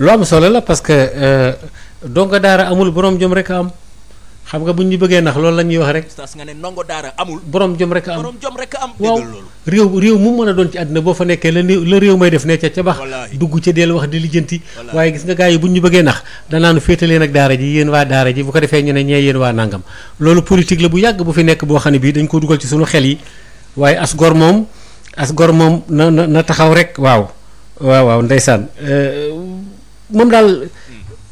lu am solo la parce que euh, dongo daara amul boroom jom rek am xam nga bu ñu bëggee nax loolu la ñuy wax rek. stas nga ne ndongo daara amul. borom jom rek a am borom rek a am. waaw réew réew mu mën a doon ci àddina boo fa nekkee la la réew may def ne ca ca bax dugg ca deel wax di lijjanti. waaye gis nga gars yi bu ñu bëggee nax danaan féetaleen ak daara ji yéen waa daara ji bu ko defee ñu ne ñee yéen waa nangam loolu politique la bu yàgg bu fi nekk boo xam ne bii dañ ko dugal ci suñu xel yi waaye as gor moom as gor moom na na na taxaw rek waaw waaw waaw moom daal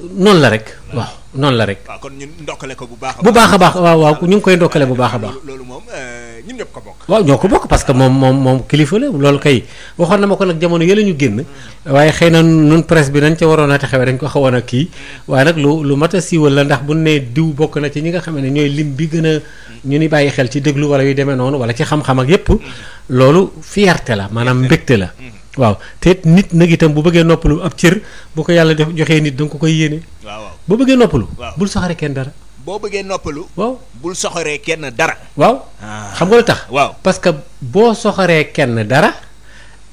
noonu la rek. Hmm. waaw noonu la rek. waaw ah, kon ñun ndokkale ko bu baax a baax. a baax waaw ñu ngi koy ndokkale bu baax a baax. loolu moom euh, ñun ñëpp ko bokk. waaw ñoo ko bokk parce que moom moom moom kilifa la loolu kay waxoon na ma ko nag jamono yële ñu génn. Hmm. waaye xëy na nun presse bi nañ ca waroon a taxawee dañ ko xawoon a kii waaye nag lu lu mat a siiwal la ndax bu nee diw bokk na ci ñi nga xam ne ñooy lim bi gën a. ñu ni bàyyi xel ci déglu wala yu demee noonu wala ci xam-xam ak yépp hmm. loolu fierté la maanaam mbégte la waaw te nit nag itam bu bëggee noppalu ab cër boo ko yàlla def joxee nit da ko koy yéene. waaw waaw boo bëggee noppalu. bul soxoree kenn dara. boo bëggee noppalu. waaw bul soxoree kenn dara. waaw ah. xam nga lu tax. waaw parce que boo soxoree kenn dara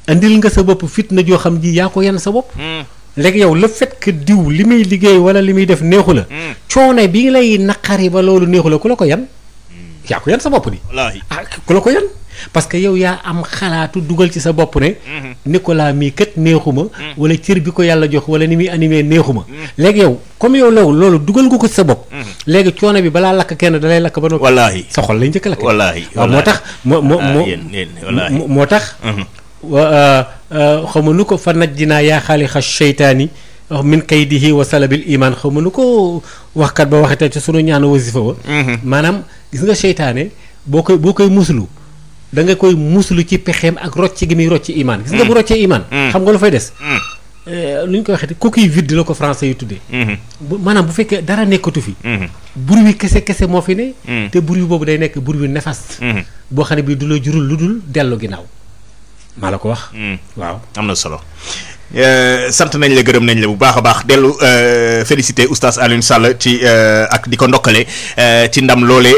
andil nga sa bopp fitna joo xam ji yaa ko yenn sa bopp. Hmm. léegi yow le fait que diw li muy liggéey wala li muy def neexu la. Hmm. coono bi lay naqari ba loolu neexu la ku la ko yan. yaa ko yan sa bopp di. wallaahi ah ku la ko yan. parce que yow yaa am xalaatu dugal ci sa bopp ne. Mhm. Nicolas mii kat neexuma. Mhm. wala cër bi ko yàlla jox wala ni muy animé neexuma. Mhm. léegi yow comme yow loolu loolu dugal ko ko ci sa bopp. léegi coono bi balaa lakk kenn dalay lakk ba noppi. wallaahi sa jëkk lay njëkk a lakk. wallaahi ah, moo tax. moo moo ah, moo moo tax. Euh, euh, xamu nu ko fa dinaa yaa xaalixa seytaani wax min kaydihi wa salabil imaan xaw ma nu ko waxkat ba waxee tey ci sunu ñaan wasifa wa mhm. maanaam gis nga seytaane boo koy boo koy muslu da nga koy muslu ci pexeem ak rocc gi muy rocc imaan gis nga bu mhm. roccee imaan mhm. xam nga lu fay des eh, lu ñu koy waxee coquille vide la ko français yu tuddee bu maanaam bu fekkee dara nekkatu fi bruit kese kese moo fi ne te bruit boobu day nekk bruit néfaste boo xam ne bii du la jurul lu dul dellu ginnaaw maa la ko wax waaw am na solo Euh, sant nañ la gërëm nañ la bu baax a baax dellu euh, félicité oustaz Alioune Sall ci euh, ak di ko ndokkale ci ndam loole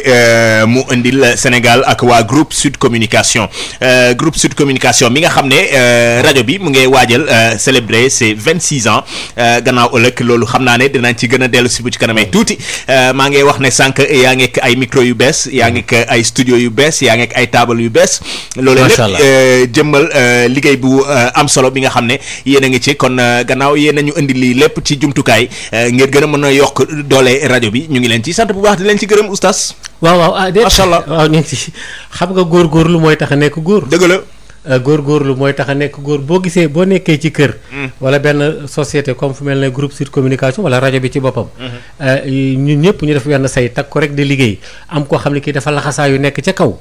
mu indil Sénégal ak waa groupe Sud Communication groupe Sud Communication bi nga xam ne rajo bi mu ngi waajal célébrer ses vingt six ans gannaaw ëllëg loolu xam naa ne dinañ ci gën a dellu si bu ci kanamee tuuti maa ngi wax ne sànq yaa ngi ay micro yu bees yaa ngi ay studio yu bees yaa ngi ay table yu bees. loolu lépp jëmmal liggéey bu am solo bi nga xam ne. yéen a ngi ci kon euh, gannaaw yéen a ñu indi lii lépp ci jumtukaay euh, ngir gën a mën a yokk doole rajo bi ñu ngi leen ci sant bu baax di leen ci gërëm oustaz. waaw waaw ah déedéet macha allah waaw ñu ngi ci xam nga góorgóorlu mooy góor. dëgg la. Euh, mooy tax a nekk góor boo gisee boo nekkee ci kër. Hmm. wala benn société comme fu mel ne groupe Sud communication wala rajo bi ci boppam. Hmm. ñu ñëpp ñu def benn say takk ko rek di liggéey am koo xam ne kii dafa laxasaa yu nekk ca kaw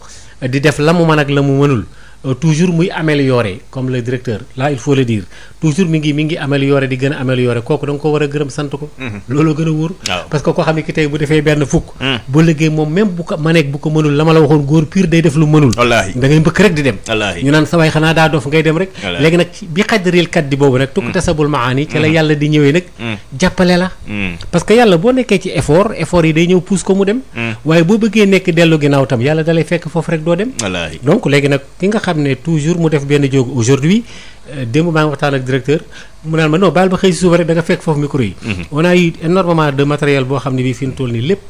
di def la mu mën ak la mu mënul. Euh, toujours muy améliorer comme le directeur là il faut le dire toujours mi ngi mi ngi améliorer di gën a kooku da ko war a gërëm sant ko. Mhm. looloo gën a wóor. parce que koo xam ne ki tey bu defee benn fukk. Mhm. bu liggéey moom même bu ko maneek bu ko mënul la ma la waxoon góor pur day def lu mënul. wallaahi mbëkk rek di dem. ñu naan sa waay xanaa daa dof ngay dem rek. léegi nag bi xajaril kat di boobu nag. tukk mhm. tasabul maani ci la yàlla di ñëwee boo nekkee ci effort effort yi day ñëw pousse ko mu dem. doo mu def benn jógu aujourd'hui euh, démb maa ngi waxtaan ak directeur mu naan ma non baal ba xëy si suba rek da nga fekk foofu micro yi. Mhm. on a eu énormément de matériel boo xam ne bii fi mu toll nii lépp.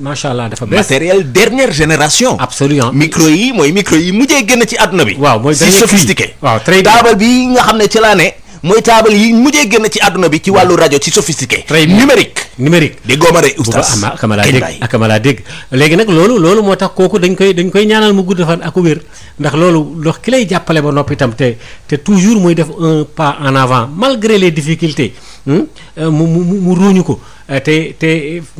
macha allah dafa bees matériel dernière génération. absolument micro yi mooy micro yi mujjee génn ci àdduna bi. waaw mooy si sophistiqué. waaw très bi nga xam ne ci laa ne. mooy taabal yi mujjee génn ci àdduna bi ci wàllu rajo ci sophistiqué. très numérique numérique. di góoma rek oustaz. akamalaa ah, dégg léegi nag loolu loolu moo tax kooku dañ koy dañ koy ñaanal mu gudd fan ak wér ndax loolu ndox ki lay jàppale ba noppi itam te te toujours muy def un pas en avant malgré les difficultés hmm? euh, mu mu mu ruuñu ko. Euh, te te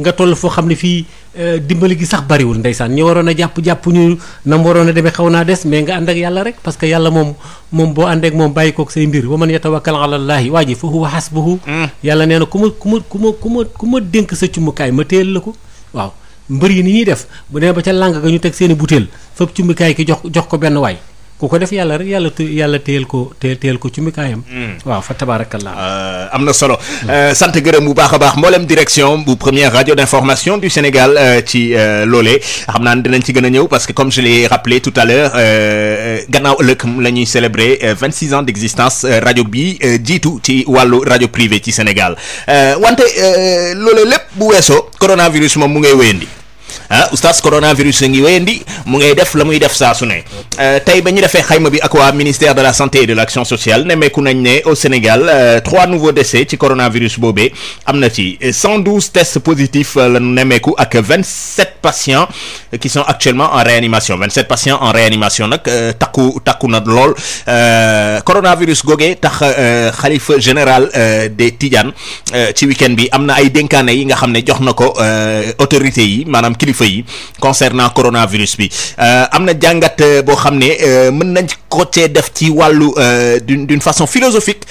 nga toll foo xam ne fii euh, dimbali gi sax bariwul ndeysaan ñu waroon a jàpp jàpp ñu nam waroon a demee xaw naa des mais nga ànd ak yàlla rek parce que yàlla moom moom boo àndeek moom bàyyi kook say mbir wa man yatawakkal ala llaahi waa ji fa huwa hasbuhu mm. yàlla nee na ku ma ku ma ku ma ku ma ku ma dénk sa cumbukaay ma téel la ko waaw mbër yi ni ñuy def bu nee ba ca làng ga ñu teg seen i butéel fëpp cummukaay ki jox jox ko benn waay ku ko def yàlla rek yàlla yàlla téyel ko téyel ko ci mikaayam hmm. waaw fa tabaarakallaa euh, am na solo euh, sant gërëm bu baax a baax mboolem direction bu première radio d'information du Sénégal euh, ci loolee xam naa ne dinañ ci gën a ñëw parce que comme je l'ai rappelé tout à l'heure gannaaw ëllëg la ñuy célébrer vingt six ans d'existence rajo bi jiitu ci wàllu rajo privé ci Sénégal wante loolee lépp bu weesoo coronavirus moom mu ngay wéyandi ah oustaz coronavirus a ngi wéyandi mu ngay def la muy def saa su ne euh, tey ba ñu defee xayma bi ak waa ministère de la santé et de l' sociale nemmeeku nañ ne au Sénégal euh, trois nouveaux décès ci coronavirus boobee am na ci 112 tests positifs euh, la nemmeeku ak vingt 27. patients qui sont actuellement en réanimation 27 patients en réanimation nag euh, takku takku na lool euh, coronavirus googe tax euh, xalifa général de Tidiane ci week bi am na ay dénkaane yi nga xam ne jox na ko autorités yi maanaam kilifa yi concernant coronavirus bi am na jàngat boo xam ne mën na ko cee def ci wàllu du d'une façon philosophique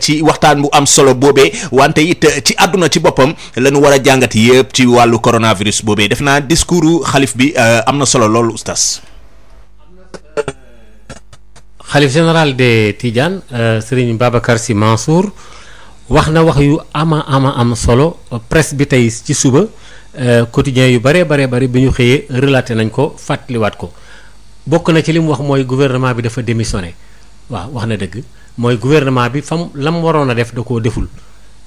ci waxtaan bu am solo boobe wante it ci adduna ci boppam lañu war a jàngat yëpp ci wàllu coronavirus boobee def naa discours xalif bi euh, am na solo loolu oustaz. xalif général de Tidiane euh, Serigne Babacar Sy Mansour wax na wax yu ama ama am solo presse bi tey ci suba euh, quotidien yu bare bare bari bi ñu xëyee relaté nañ ko fàttaliwaat ko bokk na ci li mu wax mooy gouvernement bi dafa démissionné waaw wax na dëgg mooy gouvernement bi fam lam waroon a def da koo deful.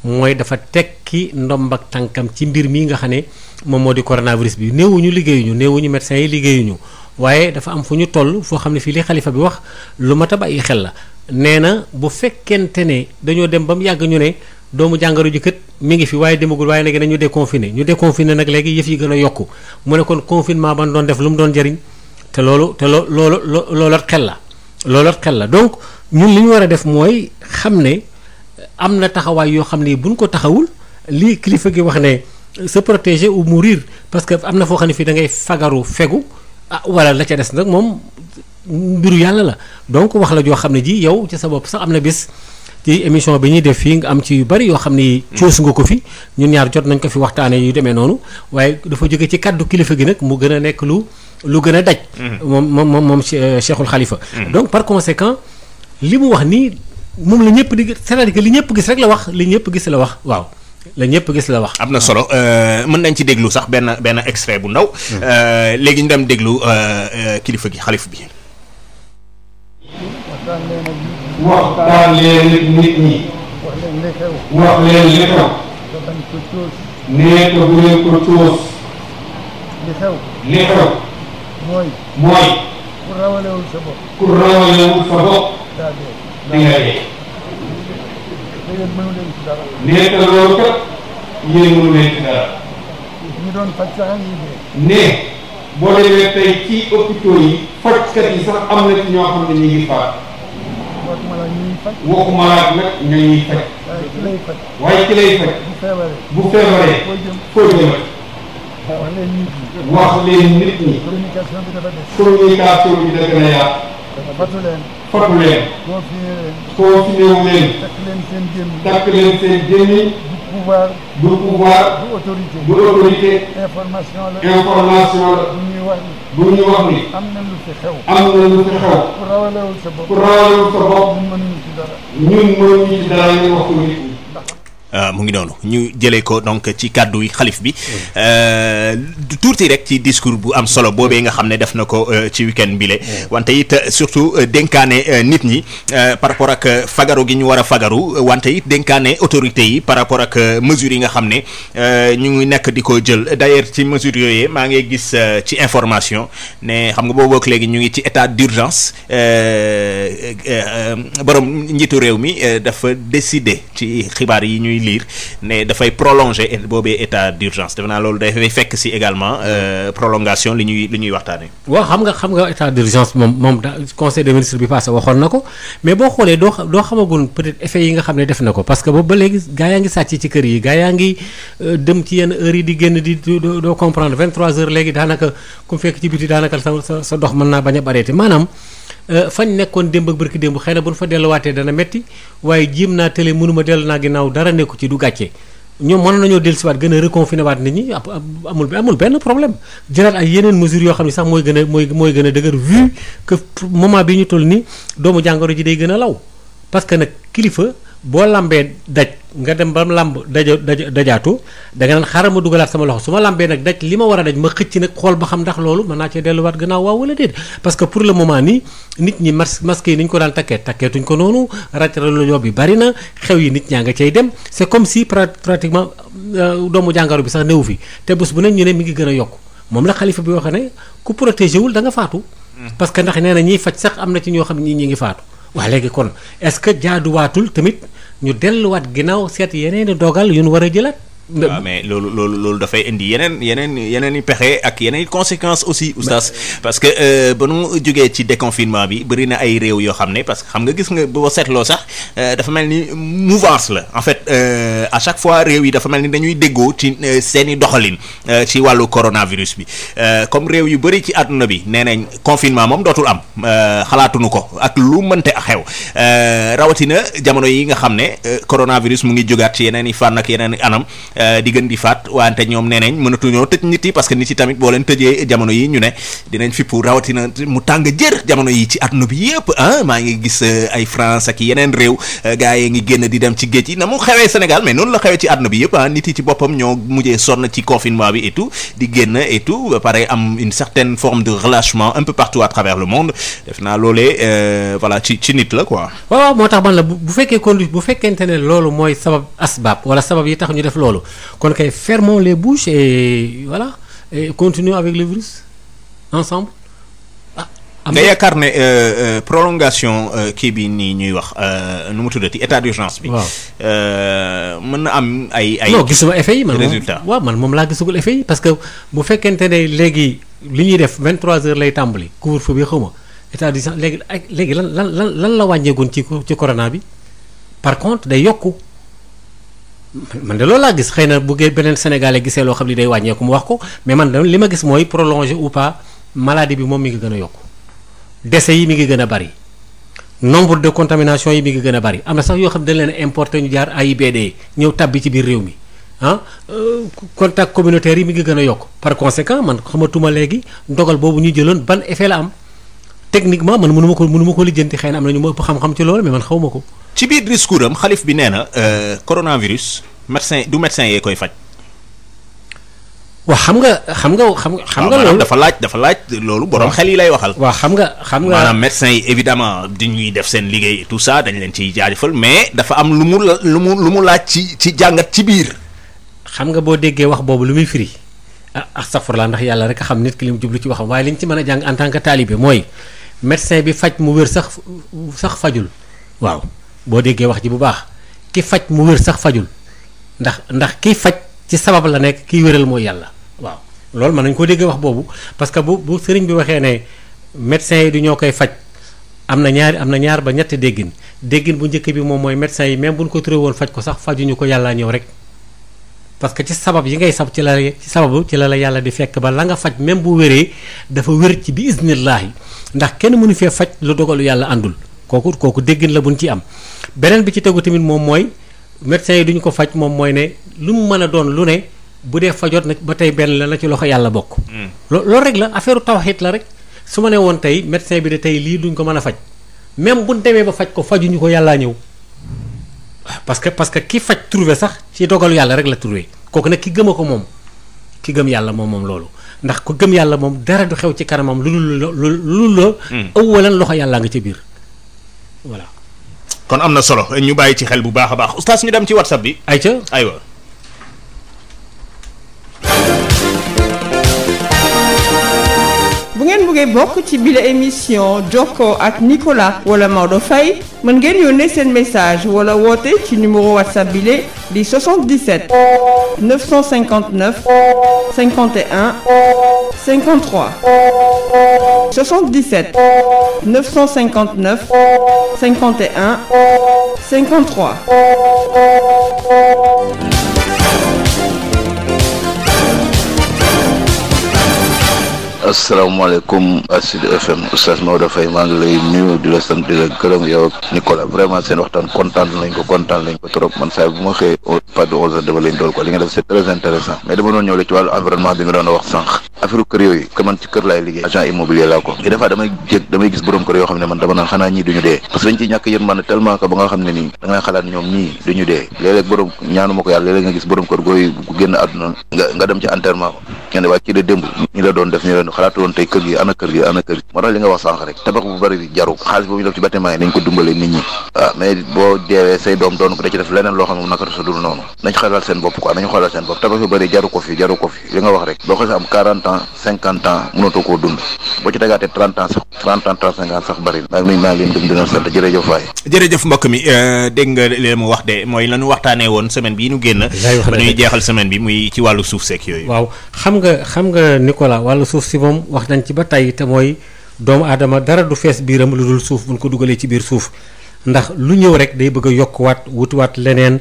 mooy dafa tekki ndombak tànkam ci mbir mii nga xam ne moom moo di coronavirus bi néewuñu liggéeyuñu néewuñu médecins yi liggéeyuñu waaye dafa am fu ñu toll foo xam ne fii li xalifa bi wax lu mat a bàyyi xel la nee na bu fekkente ne dañoo dem ba mu yàgg ñu ne doomu jàngoro ji kat mi ngi fi waaye demagul waaye léegi nañu déconfiné ñu déconfiné nag léegi yëf yi gën a yokku mu ne kon confinement ban doon def lu mu doon jariñ te loolu te loo loolu loolat xel la loolat xel la donc ñun li war a def mooy xam ne am na taxawaay yoo xam ne buñ ko taxawul lii kilifa gi wax ne se protéger ou mourir parce que am na foo xam ne fii da ngay fagaru fegu ah wala la ca des nag moom mbiru yàlla la donc wax la joo xam ne ji yow ci sa bopp sax am na bés ci émission bi ñuy def fii nga am ci yu bari yoo xam ni. Mm. coos nga ko fi ñun ñaar jot nañ ko fi waxtaanee yu demee noonu waaye dafa jóge ci kàddu kilifa gi nag mu gën a nekk lu lu gën a daj. Mm. moom moom moom moom Cheikhul Khalifa. Mm. donc moom la ñëpp di c'est-à-dire que li ñëpp gis rek la wax li ñëpp gis la wax waaw. la ñëpp gis la wax. am na solo euh, mën nañ ci déglu sax benn benn extrait bu ndaw. Hmm. Euh, léegi ñu dem déglu euh, kilifa gi xalif bi. waxtaan leen nit ñi. wax leen li xew. wax leen li xew. nee bu leen ko tuus. li xew. li xew. mooy. mooy. di nga yey nee te dara ñu doon faj sax ne boo demee tey ci hôpitaux yi fajkat yi sax am na ci ñoo xam ne ñu ngi faat waxuma la nag ña ñuy faj waaye ki lay faj bu feebaree foo jëm wax leen nit ñi communication bi dafa bi dafa na yaatu fokk leen confiné wu leen takk leen seen gémmiñ pouvoir du pouvoir du autorité du autorité information la information la bu ñuy wax ni am na lu fi xew am na lu fi xew ku rawalewul sa bopp ku rawalewul sa bopp ñun mënuñu ci dara ñu wax ko nit Euh, mu ngi noonu ñu jëlee ko donc ci kàddu yi xalif bi euh, tuuti rek ci discours bu am solo boobee nga xam ne def na ko euh, ci weekend bile wante it surtout dénkaane nit ñi par rapport ak fagaru gi ñu war a fagaru wante it dénkaane autorités yi par rapport ak mesures yi nga xam ne ñu ngi nekk di ko jël d'ailleurs ci mesures yooyu maa ngi gis ci information ne xam nga booboo ak léegi ñu ngi ci état d'urgence borom njiitu réew mi dafa décider ci xibaar yi ñuy liir ne dafay prolonger boobee état d'urgence defe naa loolu dafay fekk si également euh, prolongation li ñuy li ñuy waxtaanee. waaw xam nga xam nga état d'urgence moom moom da conseil des ministres bi passé waxoon na ko mais boo xoolee doo doo xamagun peut-être effet yi nga xam ne def na ko parce que boobu ba léegi gaa yaa ngi sàcc ci kër yi gaa yaa ngi euh, dem ci yenn heures yi di génn di doo comprendre 23 heures léegi daanaka ku fekk ci biti daanaka Euh, fañ nekkoon démb ak barki démb xëy na bu ñu fa delluwaatee dana metti waaye jéem naa télé mënuma dellu naa ginnaaw dara nekku ci du gàcce ñoom mënoon nañoo dellusiwaat gën a reconfiné waat nit ñi amul amul benn problème jëlaat ay yeneen mesures yoo xam ne sax mooy gën a mooy mooy gën a dëgër vu que moment bi ñu toll nii doomu jàngoro ji day gën a law parce que nag kilifa boo lambee daj nga dem ba lamb daja daja dajaatu da nga naan xaaral ma dugalaat sama loxo su ma lambee nag daj li ma war a daj ma xëcc nag xool ba xam ndax loolu man naa cee delluwaat gannaaw waaw wala déet parce que pour le moment nii nit ñi mas masque yi ni ñu ko daan takkee takkeetuñ ko noonu rajralo yoo bi bari na xew yi nit ñaa nga cay dem c'est comme si pratiquement euh, doomu jàngaro bi sax néew fi te bés bu ne ñu ne mi ngi gën a yokk moom la xalifa bi wax ne ku protégé da nga faatu hmm. parce que ndax nee na ñiy faj sax na ci ñoo xam ne ñi ñi ngi faatu waa léegi kon est-ce que jaaduwaatul tamit ñu delluwaat ginnaaw seet yeneen i dogal yu ñu war a jëlat mais loolu loolu loolu dafay indi yeneen yeneen yeneen i pexe ak yeneen i conséquences aussi oustaz parce que euh, ba nu jógee ci déconfinement bi bëri na ay réew yoo xam ne parce que xam nga gis nga boo seetloo sax euh, dafa mel ni mouvance la en fait euh, à chaque fois réew yi dafa mel ni dañuy déggoo ci seen doxalin ci wàllu coronavirus bi comme réew yu bëri ci àdduna bi nee nañ confinement moom dootul am xalaatuñu ko ak lu mënte a xew rawatina jamono yi nga xam ne coronavirus mu ngi jógaat ci yeneen i fànn ak yeneen i anam Eh, di gën di faat wante ñoom nee nañ mënatuñoo tëj nit yi parce que nit yi tamit boo leen tëjee jamono yi ñu ne dinañ fi fippu rawatina mu tàng jër jamono yi ci àdduna bi yëpp ah maa ngi gis eh, ay France ak yeneen réew eh, gars yi ngi génn di dem ci géej yi na mu xewee Sénégal mais noonu la xewee ci àdduna bi yëpp ah nit yi ci boppam ñoo mujjee sonn ci confinement bi et tout di génn et ba pare am une certaine forme de relâchement un peu partout à travers le monde def naa loolee voilà ci ci nit la quoi. waaw moo tax man la bu fekkee conduite bu fekkente ne loolu mooy sabab asbaab wala sabab yi tax ñu def loolu kon kay fermons les bouches et voilà et continuons avec le virus ensemble. Ah, nga yaakaar ne euh, euh, prolongation euh, kii bi nii ñuy wax nu mu tuddati état d'urgence bi. waaw mën na am ay ay. non gisuma effet man moom man moom laa gisagul effet yi parce que bu fekkente ne léegi li ñuy def vingt 23 heures lay tàmbali couvre-feu bi xaw ma état d'urgence léegi léegi lan lan lan lan la wàññeegoon ci ci corona bi par contre day yokku. man de loolu laa gis xëy na bu gee beneen sénégalais gisee loo xam ne day wàññeeku mu wax ko mais man de li ma gis mooy prolongé ou pas maladie bi moom mi ngi gën a yokku décès yi mi ngi gën a bari nombre de contamination yi mi ngi gën a bari am na sax yoo xam ne dañ leen importé ñu jaar AIBD ñëw tàbbi ci biir réew mi ah euh, contact communautaire yi mi ngi gën a yokk par conséquent man xamatuma léegi ndogal boobu ñu jëloon ban effet la am techniquement man mënu ma ko mënu ko lijjanti xëy na am na ñu ma ëpp xam ci loolu man xaw ma ko ci biir discours am xalif bi nee na euh, coronavirus médecin du médecin yee koy faj. waaw xam nga xam nga xam nga. xam nga loolu dafa laaj dafa laaj loolu borom xel yi lay waxal. waaw xam nga xam nga maanaam médecin yi évidemment di ñuy def seen liggéey et tout dañ leen ciy jaajëfal mais dafa am lu mu lu mu lu mu laaj ci ci jàngat ci biir. xam nga boo déggee wax boobu lu muy firi. ah astafurlaa ndax yàlla rek a xam nit ki li mu lu ci waxam waaye li ñu ci mën a jàng en tant que mooy médecin bi faj mu wér sax sax fajul waaw. boo déggee wax ji bu baax ki faj mu wér sax fajul ndax ndax kiy faj ci sabab la nekk kiy wéral mooy yàlla waaw loolu mën nañ ko déggee wax boobu parce que bu bu sëriñ bi waxee ne médecins yi du ñoo koy faj am na ñaari am na ñaar ba ñetti déggin déggin bu njëkk bi moom mooy médecins yi même bu ñu ko turee woon faj ko sax fajuñu ko yàllaa ñëw rek parce que ci sabab yi ngay sab ci la ci sababu ci la yàlla di fekk ba la nga faj même bu wéree dafa wér ci bi isnillahi ndax kenn mënu fee faj lu dogalu yàlla àndul kooku kooku déggin la buñ ci am beneen bi ci tegu tamit moom mooy médecins yi duñu ko faj moom mooy ne lu mu mën a doon lu ne bu dee fajoot na ba tey benn la na ci loxo yàlla bokk. loolu rek la affaire tawxiit la rek su ma woon tey médecin bi de tey lii duñ ko mën a faj même buñ demee ba faj ko fajuñu ko yàllaa ñëw parce que parce que ki faj trouvé sax ci dogalu yàlla rek la trouvé kooku nag ki gëm moom ki gëm yàlla moom moom loolu. ndax ku gëm yàlla moom dara xew ci kanamam lu la. ëwwalan loxo yàllaa nga ci biir. voilà kon am na solo ñu bàyyi ci xel bu baax a baax oustaz ñu dem ci whatsapp bi. ayca aywa. bokk ci bile émission jokkoo ak Nicolas wala Maodo fay mën ngeen yónnee seen message wala woote ci numéro whatsapp bile di 77 959 51 53 77 959 51 53. asalaamaaleykum Sud FM oustaz Maodo Faye maa ngi lay nuyu di la sant di la gërëm yow ak Nicolas vraiment seen waxtaan kontaan nañ ko kontaan lañ dool ko li nga def c'est très intéressant mais dama doon ñëw ci wàllu environnement bi nga doon wax sànq affaire yooyu que ci kër laay liggéey agent immobilier laa ko mais des damay gis borom kër yoo xam ne man dama naan xanaa ñii duñu dee parce que dañ ci ñàkk tellement que ba nga xam ne nii da xalaatu woon tey kër gi ana kër gi moo tax li nga wax sànq rek tabax bu bëri jaru xaalis boobu ñu def ci bâtiment yi ko dimbale nit ñi waaw ah, boo deewee say doom doon ko da ci seen bopp quoi nañ xoolal seen bopp tabax yu bëri jaru ko fi jaru ko fi li nga wax rek boo xasee am 40 ans 50 ans mënatoo koo dund boo ci tegaatee 30 ans sax 30 ans 35 ans sax bëri na mu euh, wax de waxtaanee woon semaine bi ñu génn ba ñuy jeexal moom wax nañ ci ba tey te mooy doomu aadama dara du fees biiram lu dul suuf buñ ko dugalee ci biir suuf ndax lu ñëw rek day bëgg a yokkuwaat wutuwaat leneen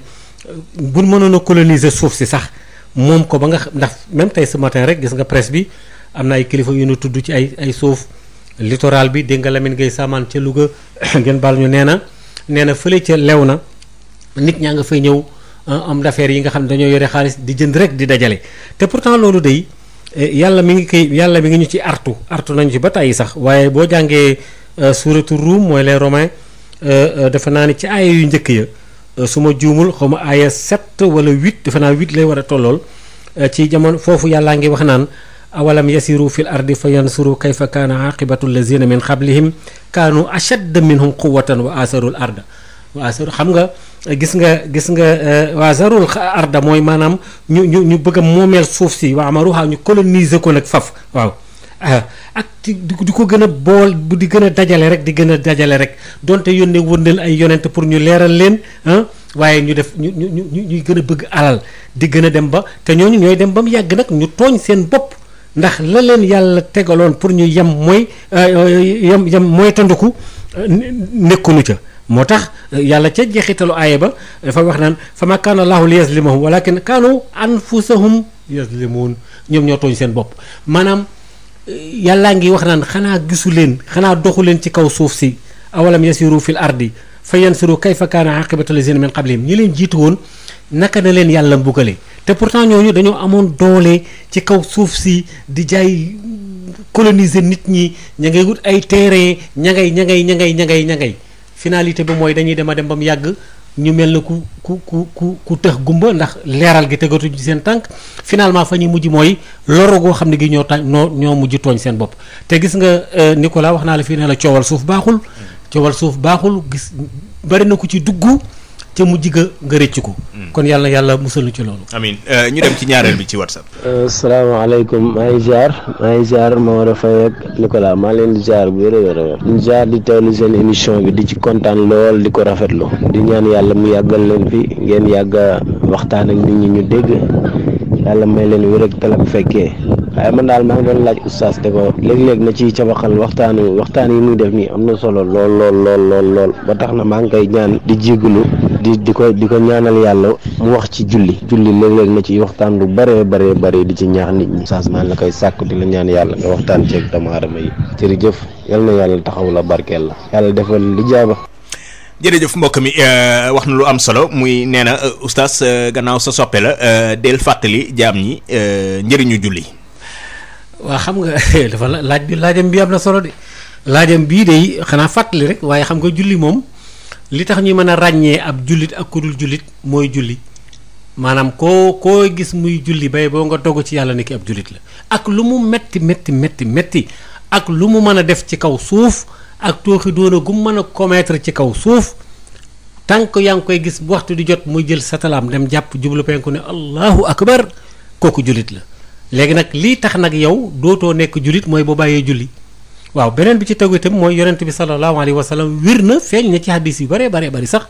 buñ mënoon a coloniser suuf si sax moom ko ba nga ndax même tey ce matin rek gis nga presse bi am na ay kilifa yu ñu tudd ci ay ay suuf littoral bi dégg nga Lamine Gueye Samaan ca Louga ngeen baal ñu nee na nee na fële ca lew na nit ñaa nga fay ñëw euh, homme d'affaires yi nga xam ne dañoo yore xaalis di jënd rek di dajale te pourtant loolu day Eh, yàlla mi ngi koy yàlla mi ngi ñu ci artu artu nañu ci ba tàyyi sax waaye boo jàngee eh, suuratu Ruum mooy les Romains eh, defe naa ni ci aaya yu njëkk ya su ma juumul xaw ma aaya sept wala huit defe naa huit lay war a tollool ci jamono foofu yàllaa ngi wax naan awalam yasiru fil ardi fa suru kayfa kaana aqibatu allazina min qablihim kaanu ashadda minhum quwatan wa asaru al arda waa saru xam nga gis nga gis nga waa sarul arda mooy maanaam ñu ñu ñu bëgg a moomeel suuf si waa amaruha ñu coloniser ko nag faf waaw ak di ko gën a bool bu di gën a dajale rek di gën a dajale rek donte yónnee wëndal ay yonent pour ñu leeral leen waaye ñu def ñu ñu ñu ñuy gën a bëgg alal di gën a dem ba te ñooñu ñooy dem ba mu yàgg nag ñu tooñ seen bopp ndax la leen yàlla tegaloon pour ñu yem mooy yem yem mooy tanduku nekkuñu ca moo tax euh, yàlla ca jeexitalu aaya ba dafa wax naan fa ma kaana laahu li yazlimahum walakin kaanu anfusahum yazlimuun ñoom ñoo tooñ seen bopp maanaam euh, yàllaa ngi wax naan xanaa gisu leen xanaa doxu leen ci kaw suuf si awalam yasiru fil ardi fa kay fa yansuru kayfa kaana aqibatu lazina min qablihim ñi leen jiitu woon naka na leen yàlla mbugale te pourtant ñooñu dañoo amoon doole ci kaw suuf si di jaay colonise nit ñi ña wut ay terrain ña ngay ña ngay ña ngay ña ngay finalité bi mooy dañuy dem a dem ba mu yàgg ñu mel na ku ku ku ku ku tëx gumba ndax leeral gi tegatuñu seen tànk finalement fa ñuy mujj mooy loro goo xam ne gi ñoo tàñ noo ñoo mujj tooñ seen bopp te gis nga euh, Nicolas wax naa la fii ne la coowal suuf baaxul mm. coowal suuf baaxul gis bari na ku ci dugg ca mujj ga nga rëcc ko. Mm. kon yàlla yàlla musalu ci loolu. amiin euh, ñu dem ci ñaareel bi ci whatsapp. Euh, salaamaaleykum maa ngi jaar maa ngi ziar Maodo ak Nicolas maa leen di ziar bu yore yore di ziar di teewlu seen émission bi di ci kontaan lool di ko rafetlu di ñaan yàlla mu yàggal leen fi ngeen yàgg waxtaan ak nit ñi ñu dégg. yàlla may leen wér ak talak fekkee waaye man daal maa ngi doon laaj oustaz te ko léeg-léeg na ci cabaxal waxtaan waxtaan yi muy def nii am na solo lool lool lool lool lool ba tax na maa ngi koy ñaan di jéggalu di di ko di ko ñaanal yàlla mu wax ci julli julli léeg-léeg na ci waxtaan lu bëree bëree bëri di ci ñaax nit ñi oustaz maa ngi la koy sàkk di la ñaan yàlla nga waxtaan ceeg dama aadama yi jërëjëf yal na yàlla taxaw la barkeel la yàlla defal li jaaba jërëjëf mbokk mi euh, wax na lu am solo muy nee na euh, oustaz euh, gannaaw sa soppe la del fàttali jaam ñi njëriñu julli. waa xam nga dafa laaj bi laajam bi am na solo de laajam bii day xanaa fàttali rek waaye xam nga julli moom li tax ñuy mën a ràññee ab jullit ak kudul jullit mooy julli maanaam koo koo gis muy julli bay boo nga dogu ci yàlla na ki ab jullit la ak lu mu metti metti metti metti ak lu mu mën a def ci kaw suuf ak tooxi doona gu mën a commettre ci kaw suuf tànk yaa ngi koy gis waxtu di jot muy jël satalaam dem jàpp jublu penku ne allahu akbar kooku jullit la léegi nag lii tax nag yow dootoo nekk jullit mooy boo bàyyee julli waaw beneen bi ci tegu itam mooy yonent bi sallallahu alayhi wa sallam wir na feeñ na ci hadis yu bare bare bari sax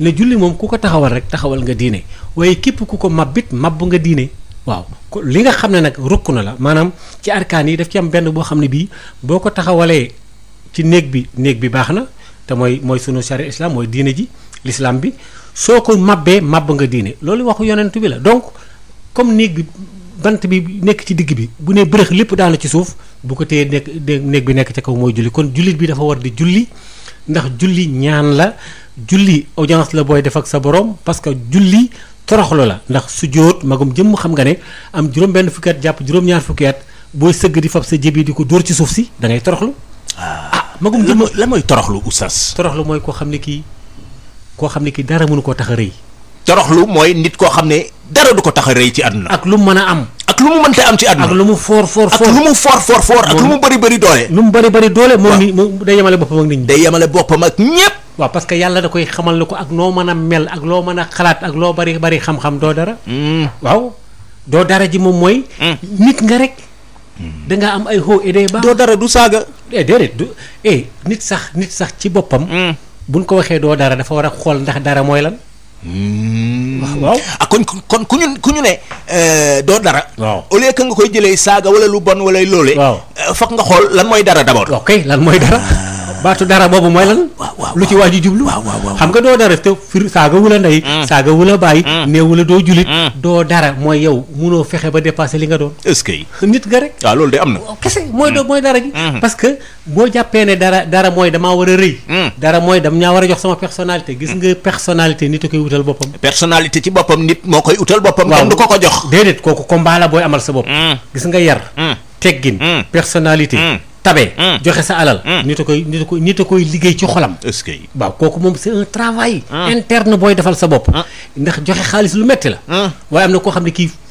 ne julli moom ku ko taxawal rek taxawal nga diine waaye képp ku ko màbbit mabb nga diine waaw li nga xam ne nag rukk na la maanaam ci arkaan yi daf ci am benn boo xam ne bii boo ko taxawalee ci néeg bi néeg bi baax na te mooy mooy sunu charia islam mooy diine ji l'islam bi soo ko màbbee màbb nga diine loolu waxu yonent bi la donc comme néeg bi bant bi nekk ci digg bi bu ne bërëx lépp daanu ci suuf bu ko téyee nekk néeg bi nekk ca kaw mooy julli kon jullit bi dafa war di julli ndax julli ñaan la julli audience la booy def ak sa borom parce que julli toroxlu la ndax su jóot magum jëmm xam nga ne am juróom benn fukki at jàpp juróom-ñaar fukki at booy sëgg di fab sa jébi di ko dóor ci suuf si da ngay toroxlu ah. Ah, magum jëm la mooy toroxlu oustaz. toroxlu mooy koo xam ne kii koo xam ne kii dara mënu koo tax a rëy. toroxlu mooy nit koo xam ne dara du ko tax a rëy ci àdduna. ak lu mu mën a am. ak lu mu mënta am ci àdduna. ak lu mu foor foor foor ak lu mu foor foor ak lu mu bëri bëri doole. lu mu bëri bëri doole. moom ni moom day yemale boppam ak nit day yemale boppam ak ñëpp. waaw parce que yàlla da koy xamal ne ko ak noo mën a mel ak loo mën a xalaat ak loo bari bari xam-xam doo dara. Mm. waaw doo dara ji moom mooy. Mm. nit nga rek. Hmm. da ngaa am ay xoo et des doo dara du saaga. eh déedéet du eh nit sax nit sax ci boppam. bu hmm. buñ ko waxee doo dara dafa war a xool ndax dara mooy lan. Hmm. waaw ah kon kon ku ñu ku ñu ne euh, doo dara. waaw au lieu que nga koy jëlee saaga wala lu bon wala loole. waaw euh, foog nga xool lan mooy dara d'abord. ok lan mooy dara. Ah. baatu dara boobu mooy lan. lu ci waa ji waaw xam nga doo dara te fir saaga wula ndey. Mm. saaga wula bàyyi. néew la mm. doo julit. Mm. doo dara mooy yow munoo fexe ba dépassé li nga doon. nit nga rek. waaw loolu de am na. kese mooy doo mooy dara ji. parce que boo jàppee ne dara dara mooy damaa war a rëy. dara mooy dam ñaa war a jox sama personnalité gis nga personnalité nit a koy utal boppam. personnalité ci boppam nit moo koy utal boppam. waaw du ko ko jox. déedéet kooku combat la booy amal sa bopp. gis nga yar. teggin personnalité. tabe hmm. joxe sa alal hmm. nit a koy nit a koy nit a koy liggéey ci xolam est-ce waaw kooku moom c'est un travail hmm. interne booy defal sa bopp ndax joxe xaalis lu metti la waaye am na koo xam ne kii